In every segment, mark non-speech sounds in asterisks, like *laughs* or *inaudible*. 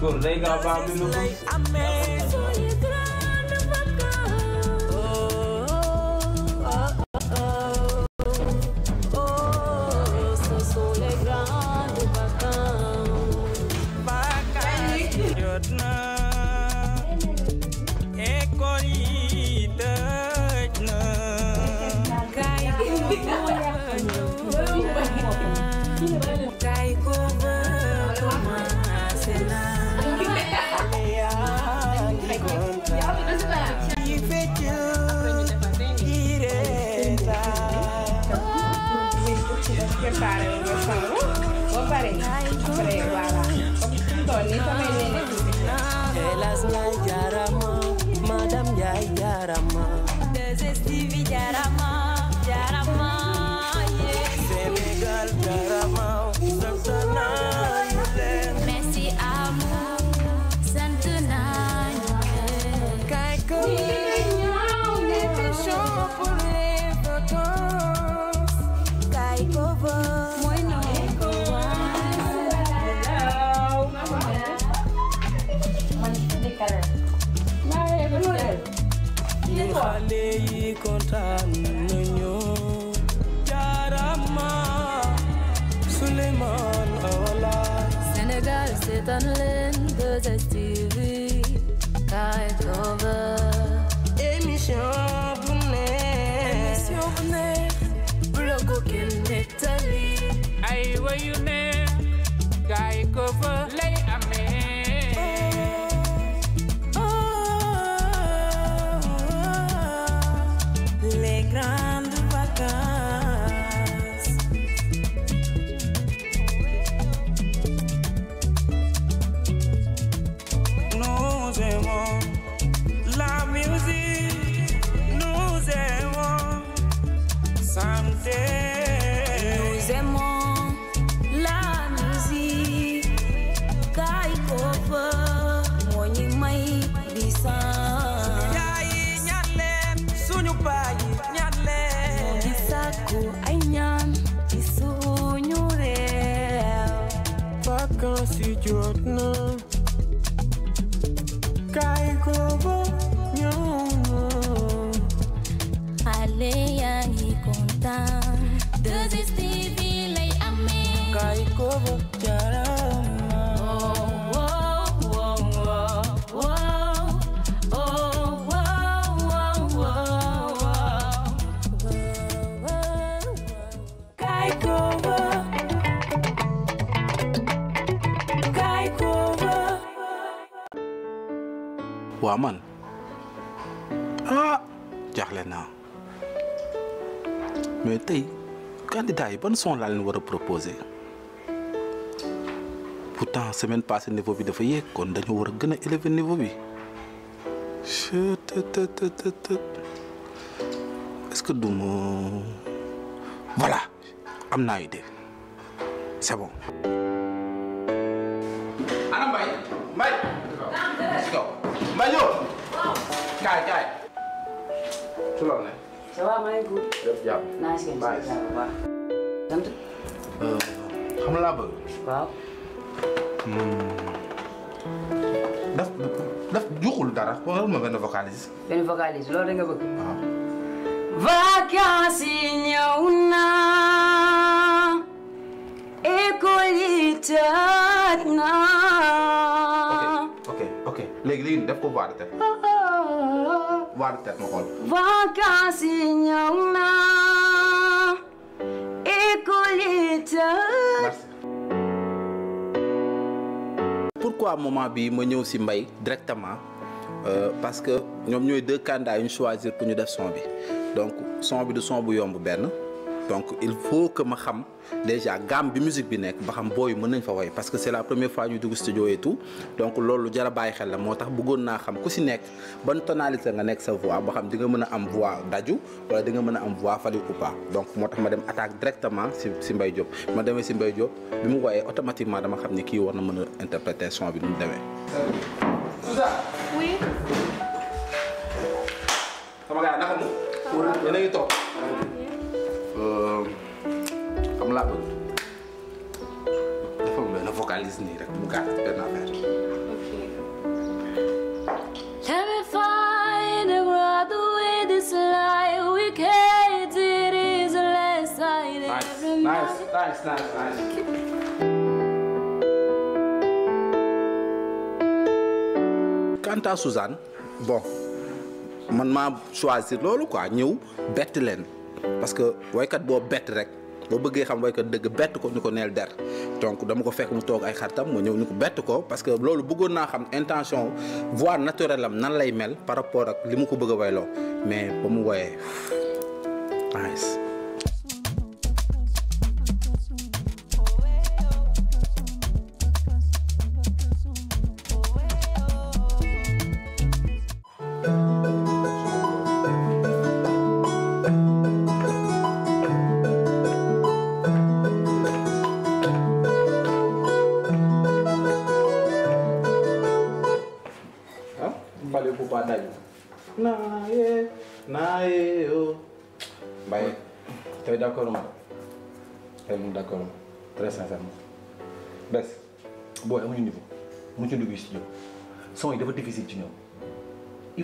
góor day gaaw baax bi ni famille ni ñun xale yi kontaan nañu jaarama Souleymane Awala Sénégal seetaan leen 2STV kaay cover émission bu neex émission bu neex blogu nettali ay wayu neex kaay cover seetaan 2STV lay amee kay koobo jarama wow wow wow wow oh wow wow wow man tey candidat yi ban son laal leen war a proposer pourtant semaine passée niveau bi dafa yéeg kon dañu war a gën a élever niveau bi est-ce que du am naa idée c'est bon. ça va maa ngi gudd. yëpp jàpp naa si kenn si jàmm bu baax. sant. xam laa bëgg. waaw. daf daf juuxul dara waxal ma benn vocalise. benn vocalise loolu da nga bëgg. waaw. Ah. vacances yi ñëw na école yi tëj na. ok ok ok léegi léegi daf ko baal a ah, waaru tet ma xool yi ñëw na école pourquoi moment bi ma ñëw si mbay directement euh, parce que ñoom ñooy deux candidats yu ñu choisir pour ñu def son bi donc son bi du son bu yomb benn donc il faut que ma xam déjà gamme bi musique bi nekk ba xam booy mën nañ fa woy parce que c'est la première fois ñu dugg studio et tout donc loolu jar bàyyi xel la moo tax bëggoon naa xam ku si nekk ban tonalité nga nekk sa voix ba xam di nga mën a am voix daju wala di mën a am voix fali ou pas donc moo tax ma dem attaque directement si si Mbaye ma demee si Mbaye Diop bi mu woyee automatiquement dama xam ni kii war na mën a interpréter son bi nu mu demee. comme laa bëgg dafa Suzanne bon man maa choisir loolu quoi ñëw bett leen parce que woykat boo bett rek boo bëggee xam waykat dëgg bett ko ñu ko neel der donc dama ko fekk mu toog ay xaritam ma ñëw ñu ko bett ko parce que loolu bëggoon naa xam intention voix naturelle am nan lay mel par rapport ak li mu ko bëgg a wayloo mais ba mu woyee nice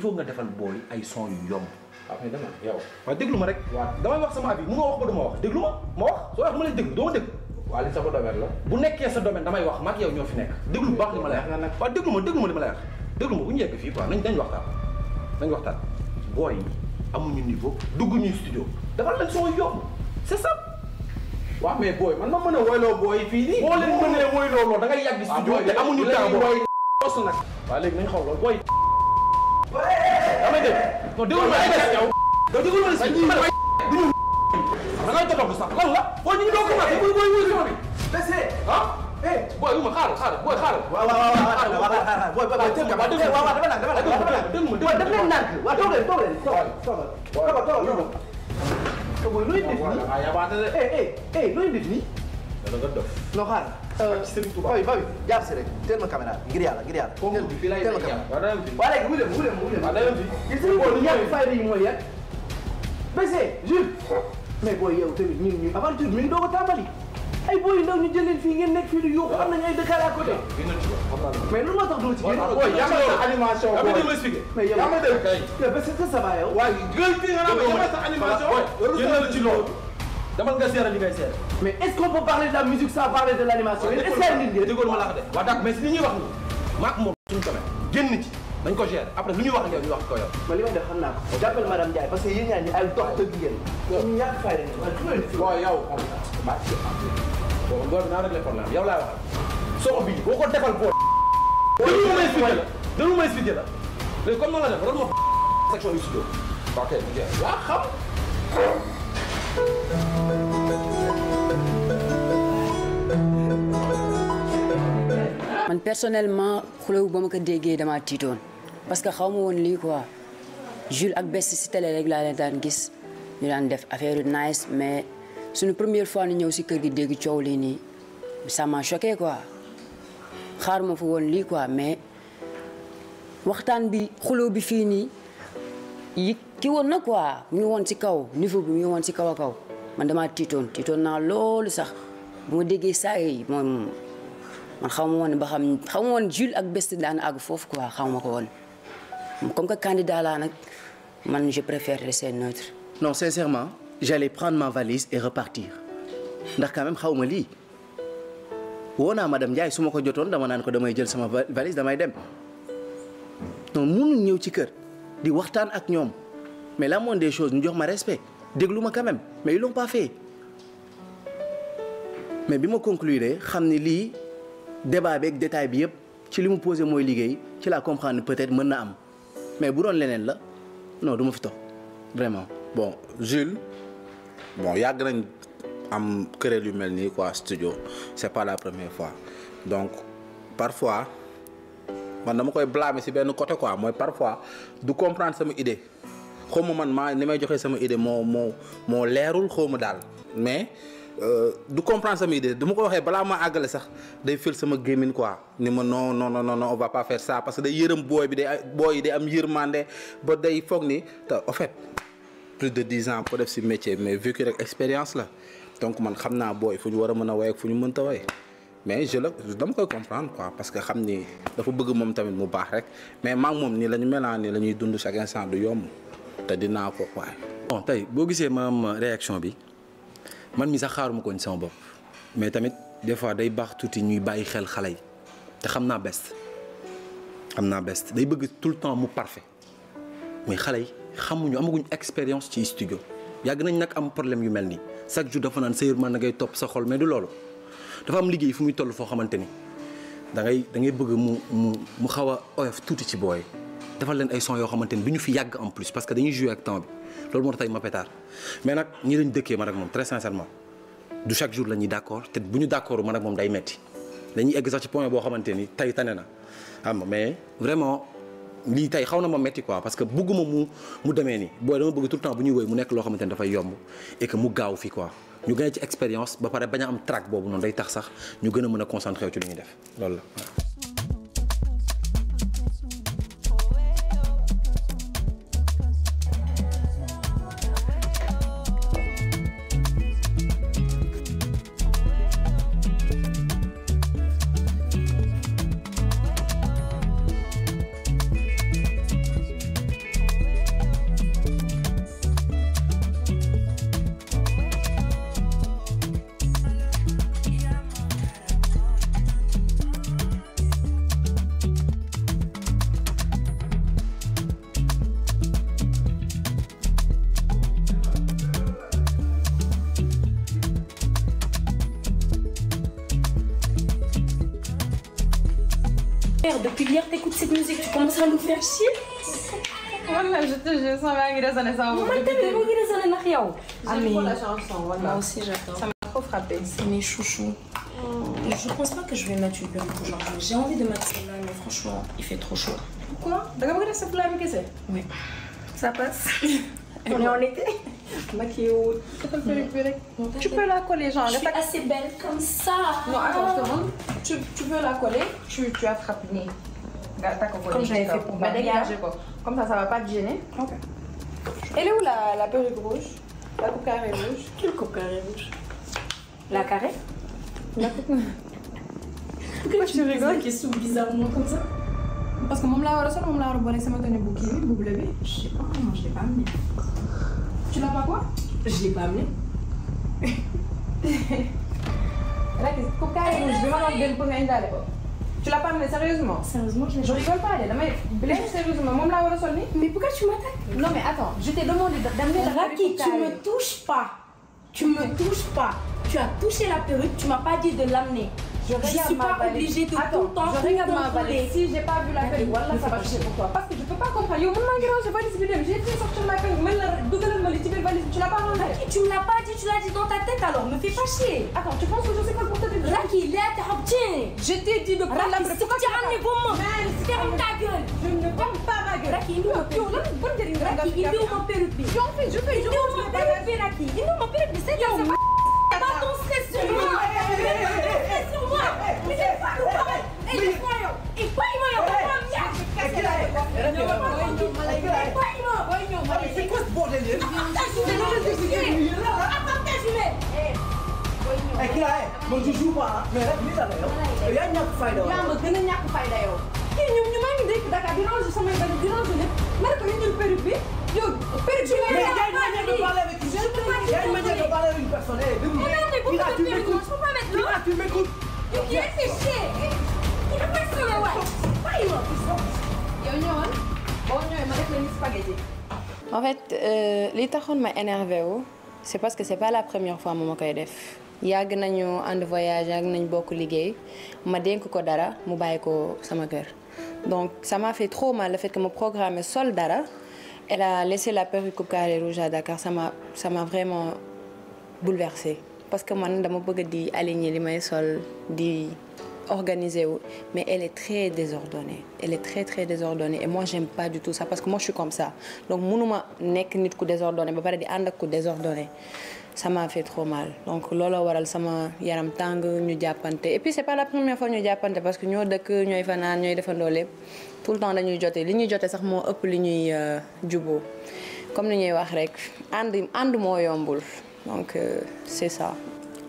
faut nga defal booy ay son yu yomb. waaw ah, mais dama yow. waaw déglu ma rek. waaw damay wax sama avis munoo wax ba du ma wax déglu ma ma wax soo wax ma lay déglu doo ma déglu. waaw li la. bu nekkee sa domaine damay wax ma ñoo fi nekk. déglu bu baax li ma lay wax waaw déglu ma déglu ma li ma lay wax. déglu ma bu ñu yegg fii quoi nañ dañ waxtaan nañ waxtaan booy yi amuñu niveau dugguñu studio defal leen son yu yomb c'est ça. waaw mais booy man ma mën a woyloo booy fii nii. boo leen mënee woyloo loolu yàgg ah, studio te amuñu temps booy. léegi nañ xaw loolu booy kon déglu ma yow déglu ma si man ma du ñu da ngay totoog sax lan la booy ñu ngi doog commencé booy booy wér sama bi laissez ah eh booy wu ma xaaral xaaral booy xaaral waaw waaw waaw xaaral waaw xaaral booy booy dégg nga waaw dégg nga waaw dama naan dama naan dégg ma dégg ma def leen nànk waaw toog leen toog leen toog toogal toogal toogal loolu toogal looy def nii eh eh eh looy def nii da nga dof loo xaaral Serigne Touba booy booy jàpp si rek teel ma caméra ngir yàlla ngir yàlla. teel teel ma caméra waaw léegi bu leen bu leen bu leen. waaw léegi gis nga yàq fayda yi mooy yàq. Bessé Jules mais booy yow tamit ñun ñu aventure mi ngi doog a tàmbali ay booy ndaw ñu jël leen fii ngeen nekk fii di yóbbu am nañu ay dëkkaale à côté. mais lu ma tax doo ci génn. booy yaa ma sa animation. mais yow yaa ma dégg kay. mais Bessé sa sa baa yow. waaye gël fi nga naan ma yaa ma sa animation. waru sa ci loolu. demal nga seere li mais est-ce qu'on peut parler de la musique sans parler de l'animation. est-ce que déggoo ma la wax de. waaw d'accord si li ñuy wax nii maak moom suñu domaine génn ci dañ ko gérer après lu ñuy wax ak wax ko yow. man de xam naa ko. jàppal madame Ndiaye parce a yéen ñaa ñi ay dox dëgg ngeen. ñu fay rek. waaw yow xam nga maa ci bon loolu naa réglé problème yow laa wax soo bii boo ko defal boo. dañu may expliqué la dañu may expliqué la léegi comme noonu la def loolu moo section du man personnellement xulóo ba ma ko déggee damaa tiitoon parce que xaw ma woon lii quoi Jules ak Bess si télé rek laa leen daan gis ñu daan def affaire yu nice mais suñu première fois ñu ñëw si kër gi dégg coow lii nii ça m'a choqué quoi xaar woon lii quoi mais waxtaan bi xulóo bi fii nii yi kii woon na quoi mu ngi woon ci kaw niveau bi mu ngi woon ci kaw a kaw man damaa tiitoon tiitoon naa loolu sax bu ma déggee saa man xaw ma woon ba xam xaw ma woon Jules ak Best daan àgg foofu quoi xaw ma ko woon comme que candidat laa nag man je préfère rester neutre. non sincèrement j'allais prendre ma valise et repartir ndax quand même xaw ma lii woo naa madame Ndiaye su ma ko jotoon dama naan ko damay jël sama valise damay dem non mënuñ ñëw ci kër di waxtaan ak ñoom. mais la moindre des choses ñu jox ma respect déglu ma quand mais ils l'ont pas fait mais bi ma conclure xam ni lii débat beeg détail bi yëpp ci li mu posé mooy liggéey ci laa comprendre peut-être mën na am mais bu doon leneen la non du ma fi toog vraiment. bon Jules bon yàgg nañ am këréel yu mel nii quoi studio c'est pas la première fois donc parfois man ma koy blâmer si benn côté quoi mooy parfois du comprendre sama idée. xaw man maa ni may joxe sama idée moo moo leerul xaw ma daal mais euh, du comprendre sama idée du ko waxee ma àggale sax day fël sama gémmiñ quoi ni ma non non non non on ça parce que day yërëm booy bi day booy yi day am yërmande ba day foog ni te en fait plus de dix ans ko métier mais vécu expérience la donc man xam naa booy fu ñu war a mën a way ak fu ñu mënta way mais je la dama koy comprendre quoi parce que xam ni dafa bëgg moom tamit mu baax rek mais maam ngi moom nii la ñu mel ah, nii la ñuy dund chaque instant du yomb. te dinaa ko waaye. bon tey boo gisee ma am réaction bi man mi sax xaaruma ko woon sama bopp mais tamit des fois day baax tuuti ñuy bàyyi xel xale yi te xam naa best xam naa best day bëgg tout le temps mu parfait mais xale yi xamuñu amaguñ expérience ci studio yàgg nañ nag am problème yu mel nii chaque jour dafa naan sa yërmaan na ngay topp sa xol mais du loolu dafa am liggéey fu muy toll foo xamante ni da ngay da bëgg mu mu mu xaw a oyof tuuti ci booy. defal leen ay son yoo xamante ni du ñu fi yàgg en plus parce que dañuy jouer ak temps bi loolu moo tax tey ma pétard mais nag ñi lañ dëkkee man ak moom très sincèrement du chaque jour la ñuy d' te bu ñu d' accord man moom day metti dañuy egg boo xamante ni tey tane na xam nga mais vraiment lii tey xaw na ma metti quoi parce que bëgguma mu mu demee nii booy dama bëgg tout le temps bu ñuy woy mu nekk loo xamante ni dafay yomb et que mu gaaw fi quoi ñu gën a ci expérience ba pare bañ am trac boobu noonu day tax sax ñu gën a mën a concentré ci lu ñuy def loolu la façon maa ngi raisonné sama bopp. man tamit mu ngi raisonné ndax yow. Ami moi aussi j'adore. ça m'a trop frappé. c'est mes chouchous. je pense pas que je vais mettre une blouse aujourd'hui j'ai envie de mettre celle-là mais franchement il fait trop chaud. pourquoi da nga bëgg a def sa plat bi kese. oui ça passe. *laughs* on est en été. maquillé wul. tu peux la coller genre. je suis assez belle comme ça. non attends une seconde tu tu peux la coller. tu tu attrapes nii. nga takk ko comme j'avais fait pour ma mariage ko. Comme ça, ça va pas te gêner. Ok. Elle est où la, la perruque rouge La coupe carrée rouge Quelle coupe carrée rouge La carrée La coupe. Pourquoi tu rigoles qui souffle bizarrement comme ça Parce que mon l'a reçu, mon l'a reçu, ça m'a donné bouquet, boucle B. Je sais pas, non, je l'ai pas amené. Tu l'as pas quoi Je l'ai pas amené. Là, *laughs* qu'est-ce que coupe carrée rouge Je vais m'en donner le premier d'aller. tu l'as pas amené sérieusement Sérieusement, je l'ai Je rigole pas, elle est damay blesse sérieusement, moom laa war a sol nii. Mais pourquoi tu m'attaques Non mais attends, je t'ai demandé d'amener la perruque. Racky, tu me touches pas. Tu me touches pas. Tu as touché la perruque, tu m'as pas dit de l'amener. Je, regarde je suis ma pas obligée de tout le temps je regarde ma valise. Si j'ai pas vu la feuille, voilà, ça va toucher pour toi. Parce que je peux pas comprendre. Yo, mon mangue, j'ai valise vidéo. J'ai fait sortir ma feuille. Mais la double me dit valise, tu l'as pas rendu. Raki, ah, tu me l'as pas dit, tu l'as dit dans ta tête alors. Me fais pas chier. Attends, tu penses que je sais pas pourquoi t'as Raki, là, t'es obtenu. Je t'ai dit de prendre la feuille. Pourquoi tu ramenes pour moi Ferme ta gueule. Je ne ferme pas ma gueule. Raki, il nous a pire. Raki, il nous a pire. Je fais, je fais, je fais. Il nous a pire, Raki. Il nous a pire, c'est man ci joue pas mais rek lii la la yow. yaa ñàkk fayda yow. yaa ma gën a ñàkk fayda yow. kii ñoom ñu maa ngi dëkk Dakar di range sama benn di range lépp. mara ko ñu jël perruque bi yow perruque bi nga yor ma nekk parler avec une personne ma nekk parler avec une personne. eh déglu. tu m'écoutes tu m'écoutes. tu m'écoutes. sama en fait li taxoon ma énervé wu oh. c'est parce que c'est pas la première fois mu ma koy def yàgg nañu ànd voyage yàgg nañ bokk liggéey ma dénk ko dara mu bàyyi ko sama kër donc sama m'a fait trop mal le fait que ma programme sol dara elle a laissé la perruque coupe carrée rouge à Dakar ça m'a ça m'a parce que man dama bëgg di aligner li may sol di. organisée, mais elle est très désordonnée. Elle est très très désordonnée et moi j'aime pas du tout ça parce que moi je suis comme ça. Donc munuma nek nit ku désordonné ba paré di and ak ku désordonné. Ça m'a fait trop mal. Donc lolo waral sama yaram tang ñu jàppante et puis c'est pas la première fois ñu jàppante parce que ñoo dëkk ñoy fanaan ñoy defandoo lépp. Tout le temps dañuy joté li ñuy jotee sax moo ëpp li ñuy euh, juboo. Comme ni ñuy wax rek ànd and moo yombul. Donc euh, c'est ça.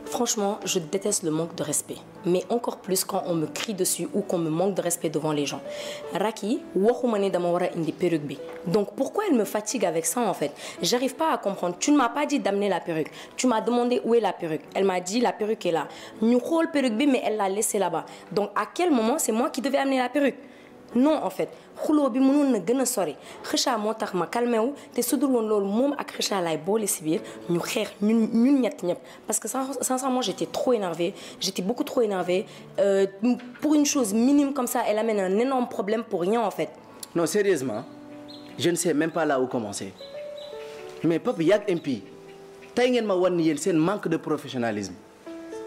Franchement, je déteste le manque de respect. Mais encore plus quand on me crie dessus ou qu'on me manque de respect devant les gens. Raki, waxumane dama wara indi perruque bi. Donc pourquoi elle me fatigue avec ça en fait J'arrive pas à comprendre. Tu ne m'as pas dit d'amener la perruque. Tu m'as demandé où est la perruque. Elle m'a dit la perruque est là. Ñu xool perruque bi mais elle l'a laissée là-bas. Donc à quel moment c'est moi qui devais amener la perruque non en fait xuloo bi mënoon na gën a sori xëcca moo tax ma calmé wu te su dul woon loolu moom ak xëcca laay boole si biir ñu xeex ñun ñun ñett ñëpp parce que sincèrement j'étais trop énervée j'étais beaucoup trop énervée euh, pour une chose minime comme ça elle amène un énorme problème pour rien en fait non sérieusement je ne sais même pas là où commencer mais Pape Yaag MP tey ngeen ma wan ni yéen seen manque de professionnalisme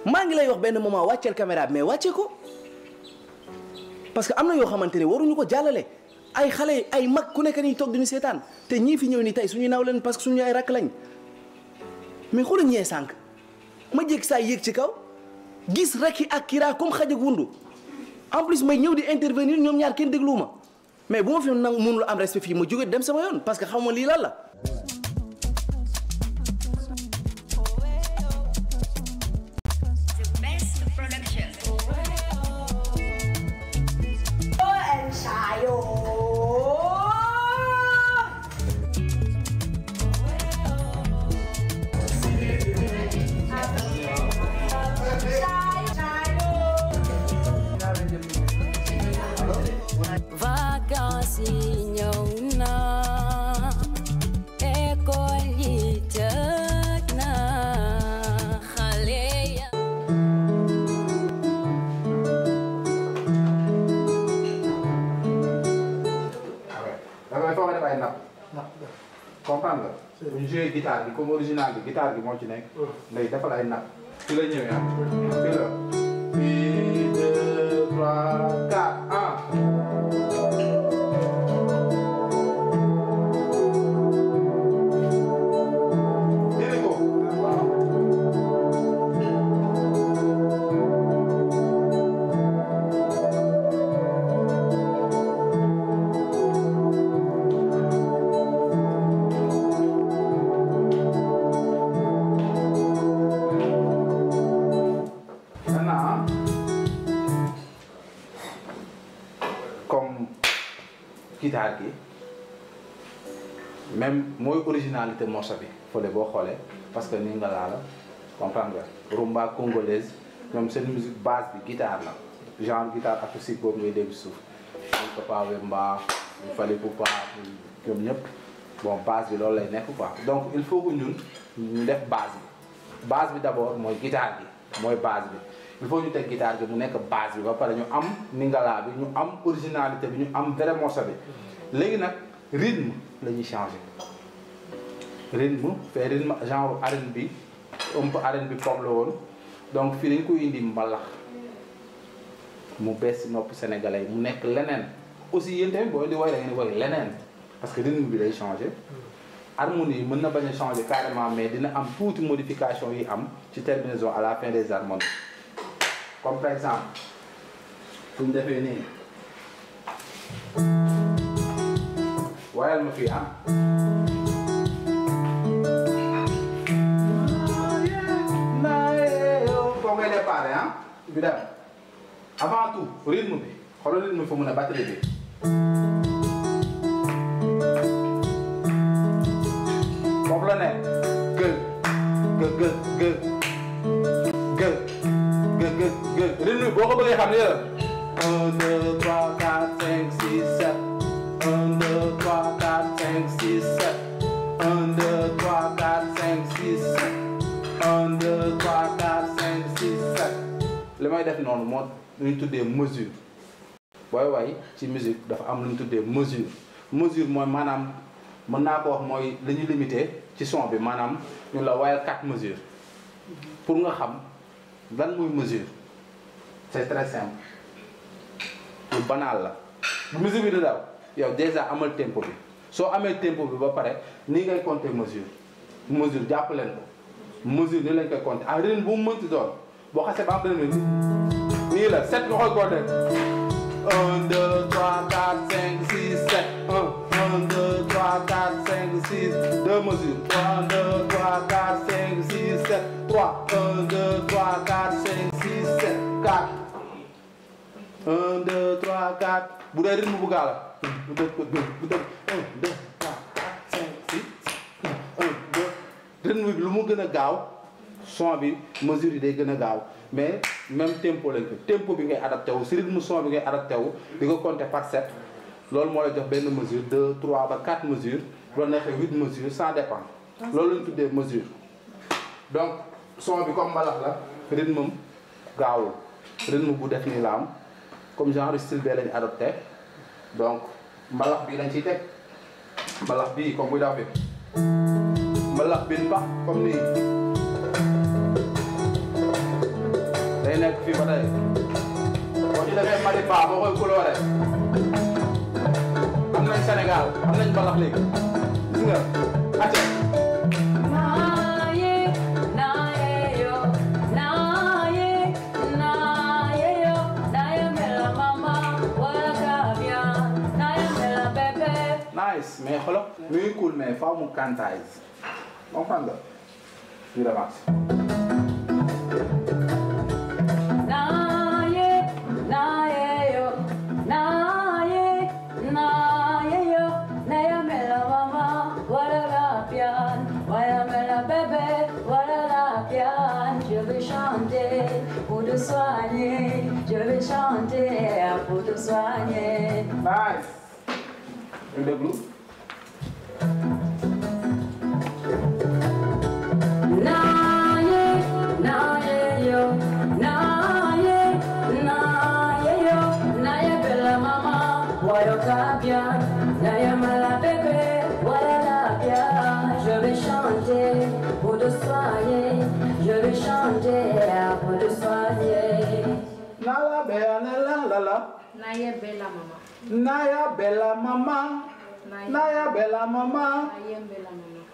maa ngi lay wax benn moment wàcceel caméra bi mais wàcce ko parce que am na yoo xamante ne waruñu ko jàllale ay xale ay mag ku nekk nii toog duñu seetaan te ñii fi ñëw nii tey suñu naaw leen parce que suñu ay rakk lañ mais xoolal ñee sànq ma jég saa yéeg ci kaw gis rek ak kiraa comme xaj ak wundu en plus may ñëw di intervenir ñoom ñaar kenn dégluwuma mais bu ma fi nangu mënul am respect fii ma jóge dem sama yoon parce que xaw ma lii lan la. comme original bi guitare bi moo ci nekk. Mm. lay defal ay napp. ci la ñëwee ah. fii la. 1 2 3 4. mooy originalité morceau bi fële boo xoolee parce que ni nga laa la comprendre nga rumba congolaise ñoom seen musique base bi guitare la genre guitare acoustique boobu ngay dégg suuf ñoom Papa Wemba ñu ñoom ñëpp bon base bi loolu lay nekku quoi donc il faut que ñun ñu def base bi base bi d'abord mooy guitare bi mooy base bi il faut ñu teg guitare bi mu nekk base bi ba pare ñu am ningala bi ñu am originalité bi ñu am vrai morceau bi léegi nag rythme lañuy ñuy changer rythme fait rythme genre arène bi un peu arène bi pop la woon donc fii dañ ko indi mbalax mu bees si nopp mu nekk leneen aussi yéen tamit boo di woy da ngeen di woy leneen parce que rythme bi day changé harmonie yi mën na bañ a changé carrément mais dina am tuuti modification yi am ci terminaison à la fin des harmonies comme par exemple suñ defee nii wayal ma fii am ah. bi daal avant tout rythme bi xoolal rythme bi fa mën a batterie bi foofu la ne eh? gë gë gë gë gë gë gë rythme bi boo ko bëggee xam ne lu ñu tuddee mesure booy way ci musique dafa am lu ñu tuddee mesure mesure mooy maanaam mën naa ko wax mooy la ñu limité ci son bi maanaam ñu la wayal quatre mesures pour nga xam lan muy mesure c'est très simple lu banal la bu bi di daw yow déjà amal tempo bi soo amee tempo bi ba pare nii ngay compter mesure mesure jàpp leen ko mesure ni lañ koy compter ak rythme bu mu mënti doon boo xasee ba am rythme nii la set nga koy compter. 1 2 3 4 5 6 7 1 1 2 3 deux mesures. 1 2 3 4 5 6 7 3 1 2 3 4 5 6 7 4. 1 2 3 4 bu dee rythme bu gaaw bu dee bu dee 1 2 3 4 5 6 7 1 2 rythme bi lu mu gën a gaaw. son bi mesure yi day gën a gaaw mais même tempo lañ ko tempo bi ngay adapté wu si rythme son bi ngay adapté wu di ko compter par sept loolu moo lay jox benn mesure deux trois ba quatre mesures bu la neexee huit mesures ça dépend loolu lañ tuddee mesure donc son bi comme mbalax la rythme am gaawul rythme bu def nii la am comme genre style bee lañ adopté donc mbalax bii lañ ci teg mbalax bii comme buy daw bi mbalax bi pax comme nii day nekk fii ba tey boo ci defee Madiba boo koy coloré am nañ Sénégal am nañ balax léegi gis nga acca nice mais xoolal muy cool mais faaw mu kantaay comprendre nga. Naya Bella Mama.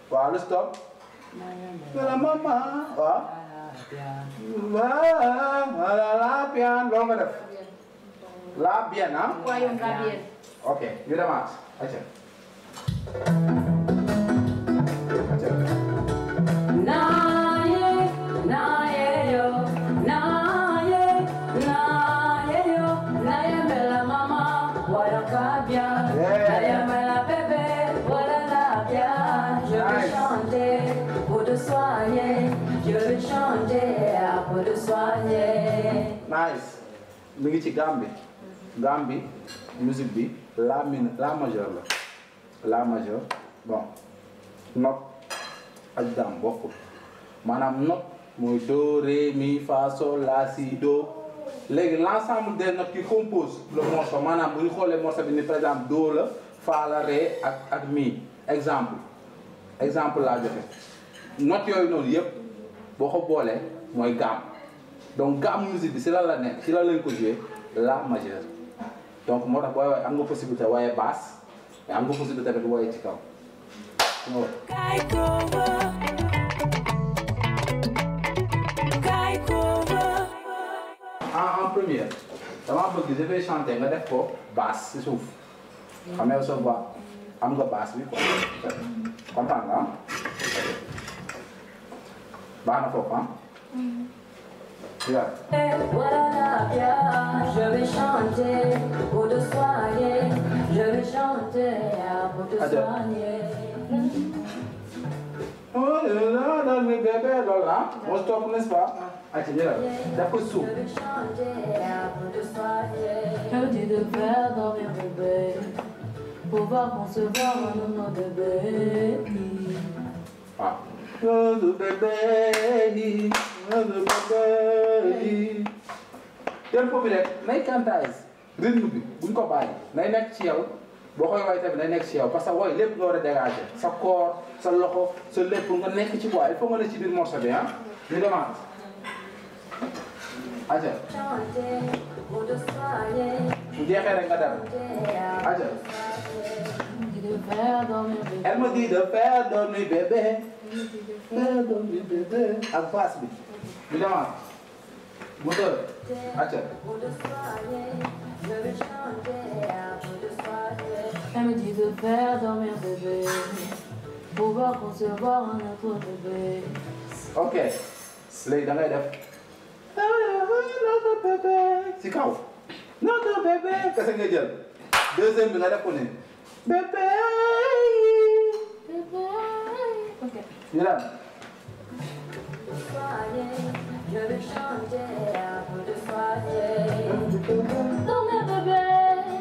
waaw lu stop. Bella Mama waaw. voilà la bien loo ko def. la bien ah. ok ñu demaat acca. nice mi ngi ci Gambie Gambie musique bi la min la majeur la la majeur bon note ak dam bokkul maanaam note mooy do ré mi fa la si do léegi l' ensemble des notes qui composent le maanaam bu ñu xoolee morceau bi ni par exemple do la fa la ak ak mi exemple exemple laa joxe note yooyu noonu yëpp boo ko boolee mooy gamme donc nga am musique bi si la la nekk si lan lañ ko joué la majeure donc moo tax am nga possibilité woyee basse mais am nga possibilité tamit woyee ci kaw en en première dama bëgg je vais chanter nga def ko basse si suuf xam nga sa voix am nga basse bi quoi kontaan nga ah mm-hmm. na foofu ah? Mm-hmm. Yeah. Hey, voilà la pierre, je vais chanter pour te soigner. Je vais chanter pour te Adel. soigner. Oh là là, le bébé là là, on stop n'est-ce pas? Attendez ah, là, d'après sous. Je vais chanter pour te soigner. Que tu devrais dormir bébé, pouvoir concevoir un moment de bébé. Ah. Le bébé. tempo bi rek nay cantaise rythme bi ko bàyyi nay nekk ci yow boo koy woy nay nekk ci yow parce que woy lépp nga sa corps sa loxo sa lépp nga nekk ci quoi il ne ci biir morceau bi ah ñu demande aja bu jeexee rek nga dem aja elle me dit de faire dormir bébé faire bi ñu demaat moteur acca Elle me dit de faire dormir bébé pouvoir concevoir un autre bébé. ok léegi da ngay def. ci kaw. notre bébé. kese nga jël. deuxième bi nga def ko nii. bébé. bébé. ok. Je veux chanter un peu de foyer. Dans mes bébés,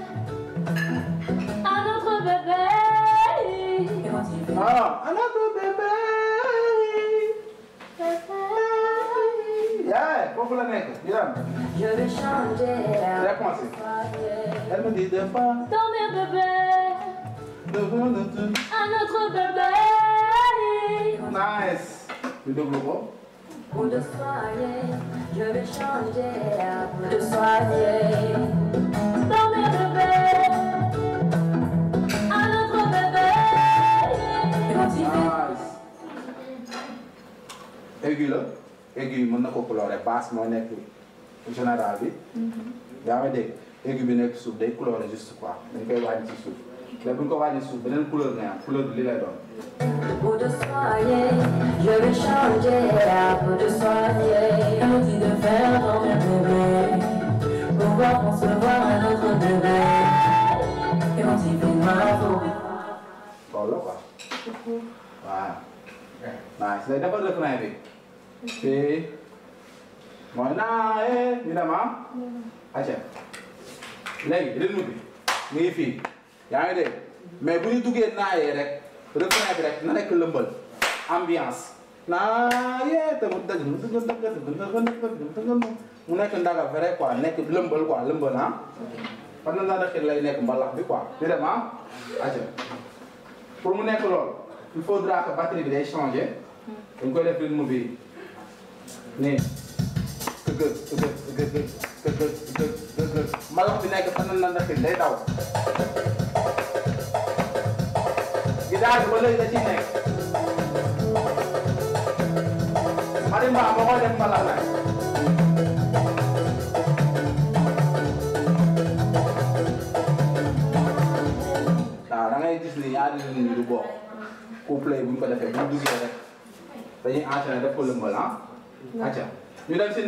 un autre bébé. Ah, un autre bébé. Yeah, foofu la nekk Birame. Je veux changer un peu de foyer. Elle me dit deux fois. Dans mes bébés, un autre bébé. Nice. ñu déglu ko. ou de soigner, je vais changer de soigner. Dans mes bébés, à notre bébé, continuez. aigu la aigu mën na ko coloré basse moo nekk général bi. Mhm. yaa ngi dégg aigu bi nekk suuf day coloré juste quoi dañ koy wàññi ci suuf. mais bu ñu ko wàññi suuf beneen couleur nga am couleur bi li lay doon. peau de soyer je vais changer la peau de soyer outil de faire dormir bébé pouvoir concevoir un autre bébé et on s'y fait mal loolu la quoi. waaw. nice dafa refrain bi. te mooy naa ñu dem ah. acca léegi dinañu bi mu ngi fii. yaa ngi dégg mais bu ñu duggee naayee rek refrain rek na nekk lëmbal ambiance naayee te mu dëgg mu dëgg dëgg dëgg dëgg mu nekk ndaga vrai quoi nekk lëmbal quoi lëmbal ah parce que ndax lay nekk mbalax bi a ah. vraiment aja pour mu nekk loolu il faudra que batterie bi day changer dañ koy def rythme bi nii gëgëg gëgëg gëgëg gëgëg gëgëg mbalax bi nekk fan la ndax day daw village ba léegi da ciy nekk. Marimba moo koy def mbalax nag. waaw da ngay gis ni ñaari nit du bokk couple bu ñu ko defee bu ñu duggee rek dañuy enchaîner def ko lëmbal ah. acca ñu dem si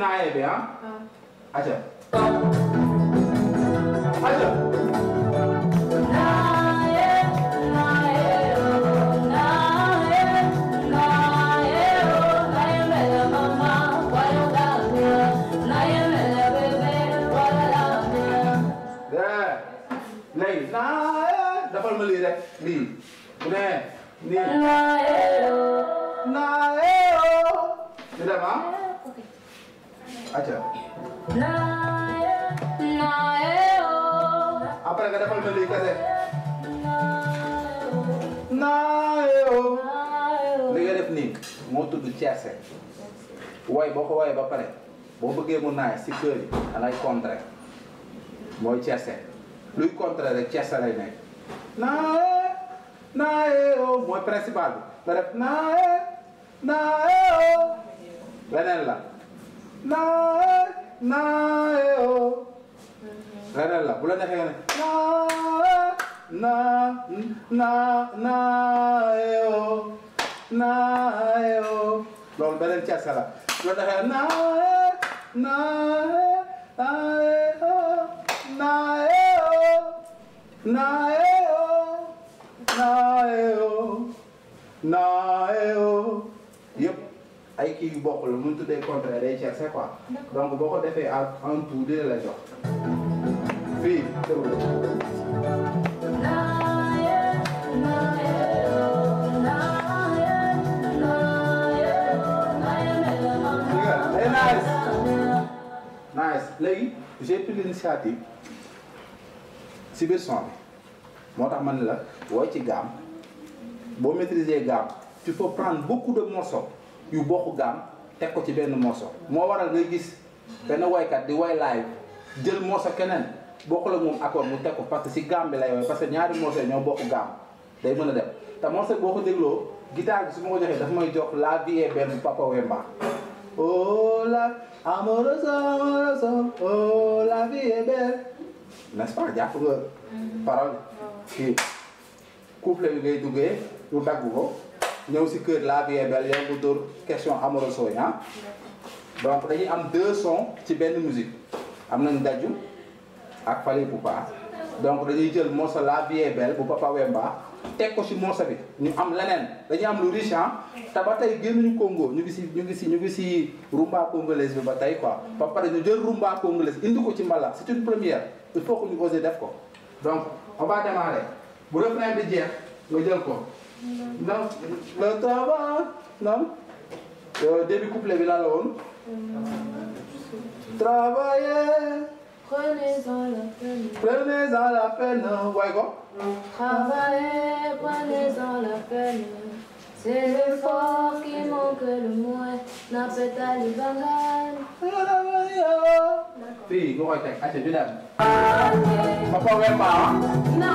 defal ma lii rek lii bu nee nii. naayoo. di dem ah. acca. naayoo. E, après nga defal ma lii kese. naayoo. li nga def nii moo tudd Ceese. waaye boo ko waaye ba pare boo bëggee mu naay si kër yi da ngay contrer mooy Ceese luy contrer rek Ceese lay nekk. naaye naaye o oh. mooy principal bi nga def naaye naaye o oh. leneen la naaye naaye o oh. leneen la bu la neexee nga ne naaye na na naaye o naaye o loolu beneen càcc la bu la neexee naaye naaye naaye o naaye naeo naeo naeo yëpp ay kii yu bokkul mu ñu tuddee contraire day chercher quoi donc boo ko defee ak un tout dina la jox fii Nice. Nice. Léegi j'ai pris l'initiative si biir son bi moo tax ma ne la wooy ci gaam boo maîtriser gaam tu peux prendre beaucoup de morceaux yu bokk gaam teg ko ci benn morceau moo waral ngay gis benn waykat di way live jël morceau keneen bokk la moom accord mu teg ko parce que si gaam bi lay woy parce que ñaari morceau yi ñoo bokk gaam day mën a dem te morceau boo ko dégloo guitare bi su ma ko joxee dafa may jox la vie est belle Papa Wemba oh la amorosa amorosa oh la vie est belle n'est-ce pas jàpp nga parole mm-hmm. kii couple bi ngay duggee ñu dagg ko ñëw si kër la vie est belle yow bu dóor question amoureuse yi ah. mm-hmm. donc dañuy am deux sons ci benn musique am nañ daju ak Fally Ipupa donc dañuy jël morceau la vie est belle bu Papa Wemba teg ko si morceau bi ñu am leneen dañuy am lu riche ah te ba tey génnuñu Congo ñu ngi si ñu ngi si ñu ngi si rumba congolaise bi ba tey quoi ba pare ñu jël rumba congolaise indi ko ci mbala c'est une première il faut que ñu oser def ko donc on va démarrer bu refrain bi jeex nga jël ko. non le travail non. Euh, début couplet bi la woon. travailler. prenez-en la peine. prenez-en la peine waay ko. travailler prenez-en la peine. C'est le fort qui manque le moins, napetali bangal. Fille, go right there. I said, do that. Papa, where ma? No.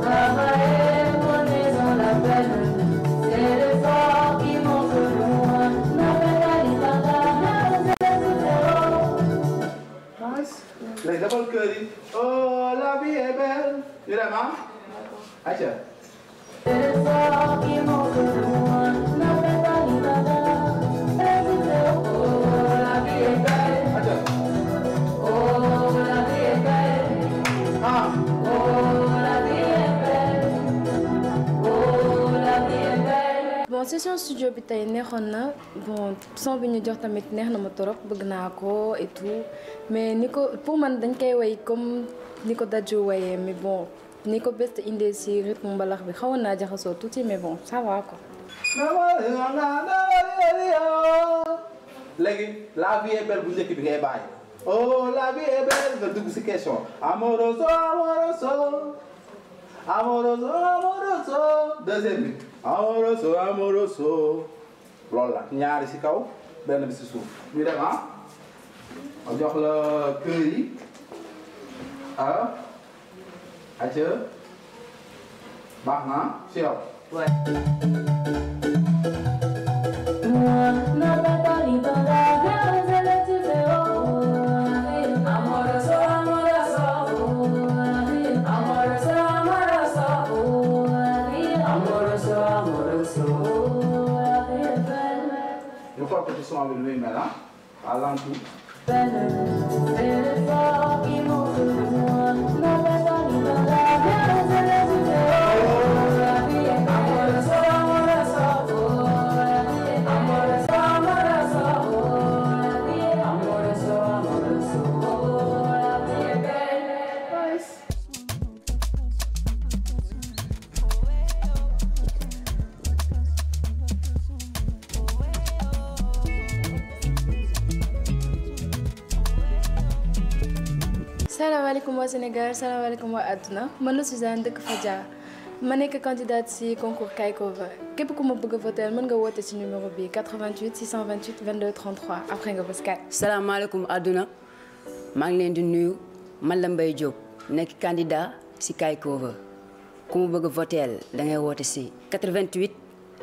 Papa est bonné dans la peine, c'est le fort qui manque le moins, napetali bangal. Nice. Les double curry. Oh, la vie est belle. Tu l'aimes, hein? bon session studio bi tey neexoon na bon son bi ñu jox tamit neex na ma torop bëgg naa ko et mais ni ko pour man dañ koy way comme ni ko daju wayee mais bon ni ko best indee si rythme mbalax bi xawoon naa jaxasoo tuuti mais bon ça va quoi. léegi la vie est belle bu njëkk bi ngay bàyyi. oh la vie est belle nga dugg si question. amoroso amoroso amoroso amoroso deuxième ñaari si kaw benn bi si suuf ñu dem ah jox la kër yi ah. acca baax na ci yow nobody but I have a letter to go. I'm what I saw. Eu coloco a pessoa no e-mail, lá, além de waa Sénégal salaamaaleykum waa àdduna man na Suzanne dëkk Fadia ma nekk candidate ci concours Kay Cover képp ku ma bëgg a mën nga woote ci numéro bi 88 628 22 33 après nga bës 4. salaamaaleykum àdduna maa ngi leen di nuyu man la Mbaye Diop nekk candidat ci Kay Cover ku mu bëgg a voter da ngay woote ci 88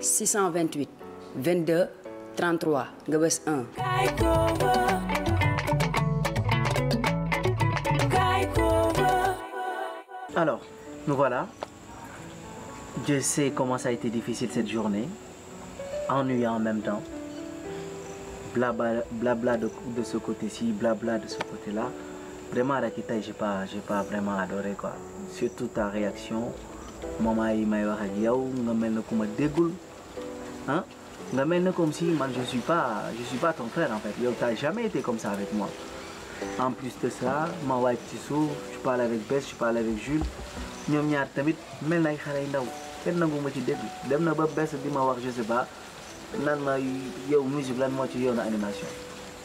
628 22 33 nga bës 1. Alors, nous voilà. Je sais comment ça a été difficile cette journée. Ennuyant en même temps. Blabla, blabla de, de ce côté-ci, blabla de ce côté-là. Vraiment, Rakita, j'ai pas, j'ai pas vraiment adoré quoi. Surtout ta réaction. Maman, il m'a dit, dégoule. Hein? Comme si, man, je suis pas, je suis pas ton frère en fait. Tu n'as jamais été comme ça avec en plus de ça ma wàcc ci suuf je parle avec Bess je parle avec Jules ñoom ñaar tamit mel na ay xale yu ndaw kenn nangu ma ci déglu dem na ba Bess di ma wax je sais pas nan ma yow musique lan moo ci yoonu animation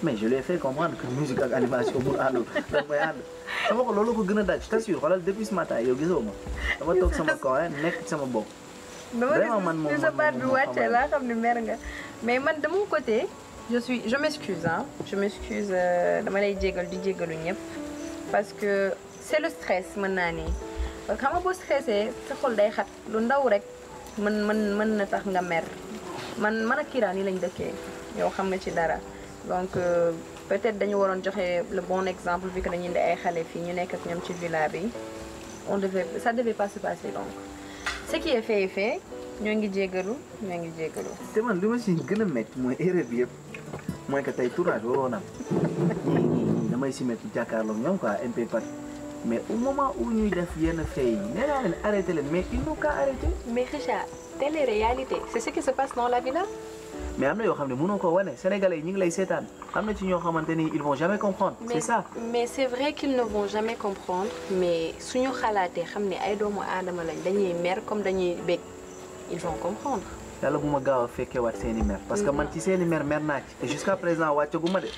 mais je lui ai fait comprendre que musique ak animation bu àndul lan mooy ànd sama ko loolu ko gën a daaj je t'assure xoolal depuis ce matin yow gisoo ma dama toog sama kaw rek nekk ci sama bopp. vraiment man moom moom moom man dama côté. je suis je m'excuse ah je euh, dama lay jégal di jégalu ñëpp parce que c'est le stress mën naa ni parce que xam nga boo stressé sa xol day xat lu ndaw rek mën mën mën na tax nga mer man man ak Kira nii lañ dëkkee yow xam nga ci dara donc euh, peut-être dañu waroon joxe le bon exemple vu que dañu indi ay xale fii ñu nekk ak ñoom ci villa bi on devait ça devait pas se passer donc ce qui est fait fait ñoo ngi jégalu ñoo ngi jégalu. te man li ma si gën a métti mooy erreur bi yëpp. mooy que tey tournage waroon na am ñii ñii ñii ñoom quoi MP Paris mais au moment où ñuy def yenn fee yi nee naa leen arrêté leen mais il nous qu'à arrêter. mais Richard telle c'est ce qui se passe dans la villa. mais am na yoo xam ne mënoo ko wane sénégalais yi ñu ngi lay seetaan am na ci ñoo xamante ni ils vont jamais comprendre. mais c'est vrai qu'ils ne vont jamais comprendre mais suñu xalaatee xam ne ay doomu aadama lañ dañuy mer comme dañuy bég ils vont comprendre. yàlla bu ma gaaw a fekkeewaat seen i mer parce que man ci seen i mer mer naa ci te jusqu'à présent wàccagu ma de.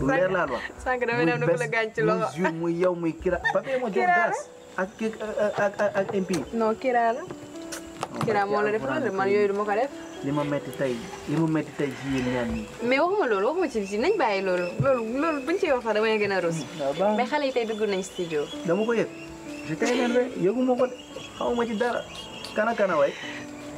lu leer laa wax sànq damay dem la gaañ yow muy kira. papier ma jox gaz ak ak ak ak MP. non moo la def loolu man yooyu du ma ko def. li ma metti tey li ma tey ci mais waxuma loolu waxuma ci ci nañ bàyyi loolu loolu loolu buñ ciy wax sax damay a rus. Hmm, mais xale yi tey dugg nañ studio. dama ko yëg je ma ko de xaw ma ci dara kana kana way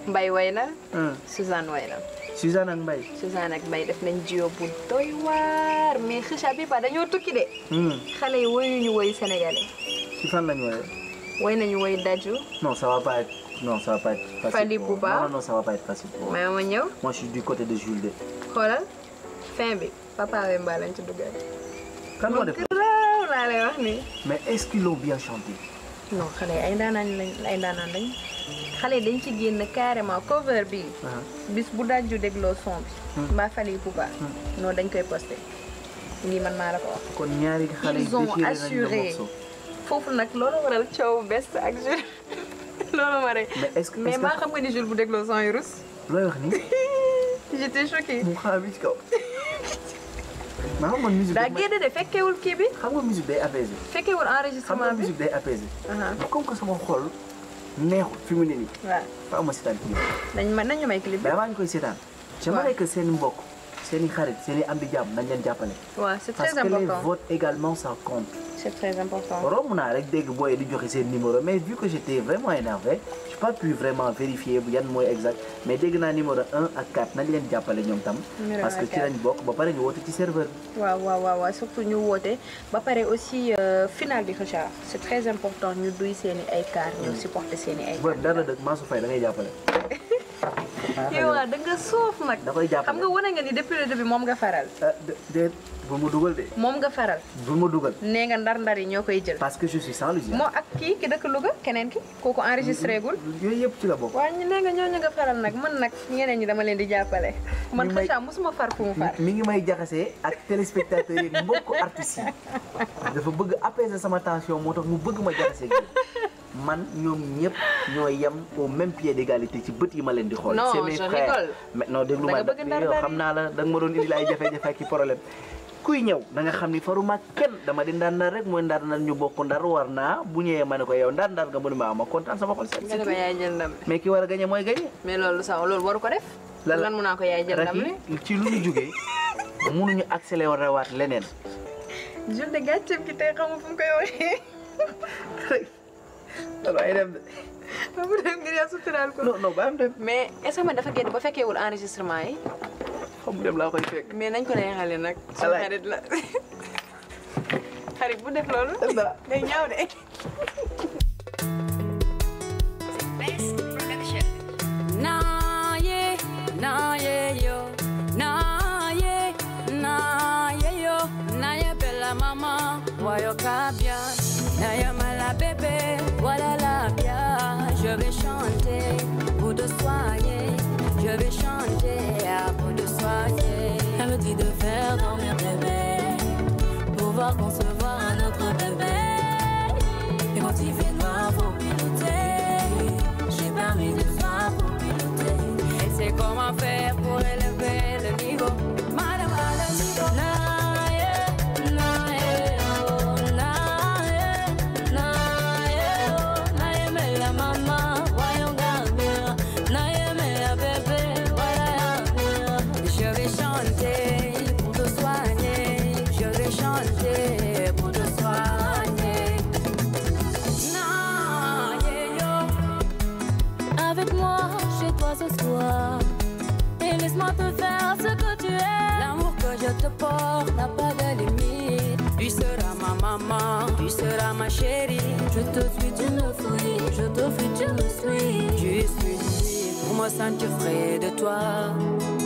Mbaye way na. Hmm. Suzanne way na. Suzanne ak Mbaye. Suzanne ak mbay def nañ jiw bu doy waar mais xicha bi dañoo tukki de. Hmm. xale yi woyuñu woy sénégalais. ci fan lañ woyoo. woy nañu woy daju. non ça va pas être non ça va pas être facile. Fally Poupa non non ça va pas être facile. maa ñëw. moi je du côté de Jules de. xoolal fin bi papa Wemba lañ ci duggal. kan moo def loolu laa lay wax nii. mais est-ce bien chanté. non xale ay ndaanaan lañ ay ndaanaan lañ xale dañ ci génn carrément cover bi ah. bis bu dajju dégloo son bi hmm. mbaa fali bu baax non dañ koy posté lii man maa la ko wax kon ñaari foofu nag loolu waral coow best ak jur *laughs* loolu ma rek mais maa xam nga ni jur bu dégloo son yi rus looy wax *laughs* mais xam nga musique daa génn de fekkeewul kii bi. xam nga musique day apaisé. fekkeewul enregistrement bi xam nga musique day apaisé. comme que sama xol neexul fi mu ne nii. waaw faaw ma seetaan clip. nañ ma nañ ñu may clip bi. mais avant ñu koy seetaan. waaw j'aimerais que seen mbokk. seen i xarit seen i am di jàmm nañ leen jàppale. parce que les votes également ça compte. c'est naa rek dégg booy di joxe seen numéro mais vu que j'étais vraiment énervé j'ai pas pu vraiment vérifier bu yan mooy exact mais dégg naa numéro 1 ak 4 nañ leen jàppale ñoom tam. parce que ci lañ bokk ba pare ñu woote ci serveur waaw waaw waaw surtout ñu woote ba pare aussi euh, final bi Richard c'est très important ñu duy seen i ay cartes. ñu mm. supporter seen i ay cartes. boobu dara *laughs* yow ah, da nga soof nag. da koy jàppale xam nga wane nga ni depuis le début moom nga faral. Ah, bu ma dugal moom nga faral. du ma dugal. nee nga ndar-ndar yi ñoo koy jël. parce que je suis sans Louga. moo ak kii ki dëkk Louga keneen ki kooku enregistré gul. yooyu yëpp ci la bokk. waaw nee nga ñooñu nga faral nag man nag ñeneen ñi dama leen di jàppale. man xëcc mosuma ma fu mu far. mi ngi may jaxasee ak téléspectateurs yi mbokku artistes dafa bëgg apaiser sama tension moo tax mu bëgg ma jaxasee man ñoom ñëpp ñoo yem au même pied d'égalité ci bët yi ma leen di xool. c'est mes frères non déglu ma da nga bëgg xam naa la da nga ma doon indil ay kuy ñëw da nga xam ni faruma kenn dama di ndar ndar rek mooy ndar ndar ñu bokk ndar war naa bu ñëwee ma ne ko yow ndar ndar nga mu ne ma ma kontaan sama xol set mais ki war a gañe mooy gañe mais loolu sax loolu waru ko def lan mun naa ko yaay jël ndam li ci lu ñu jógee mënuñu accéléré leneen jul de mu koy waxee ay de ba suturaal ko non non ba am mais est dafa génn ba fekkeewul enregistrement yi xam dem laa koy fekk. mais nañ ko neexalee nag. alaay su xarit la *laughs* xarit bu def loolu. day ñaaw de. *laughs* faire dormir bébé, pouvoir concevoir un autre bébé. Et quand il fait noir, faut piloter. J'ai permis de soir pour piloter. Et c'est comment faire. Notre port n'a pas de limite. Tu seras ma maman, tu seras ma chérie. Je te suis, tu me fuis, je te fuis, tu me suis. Je suis pour me sentir près de toi.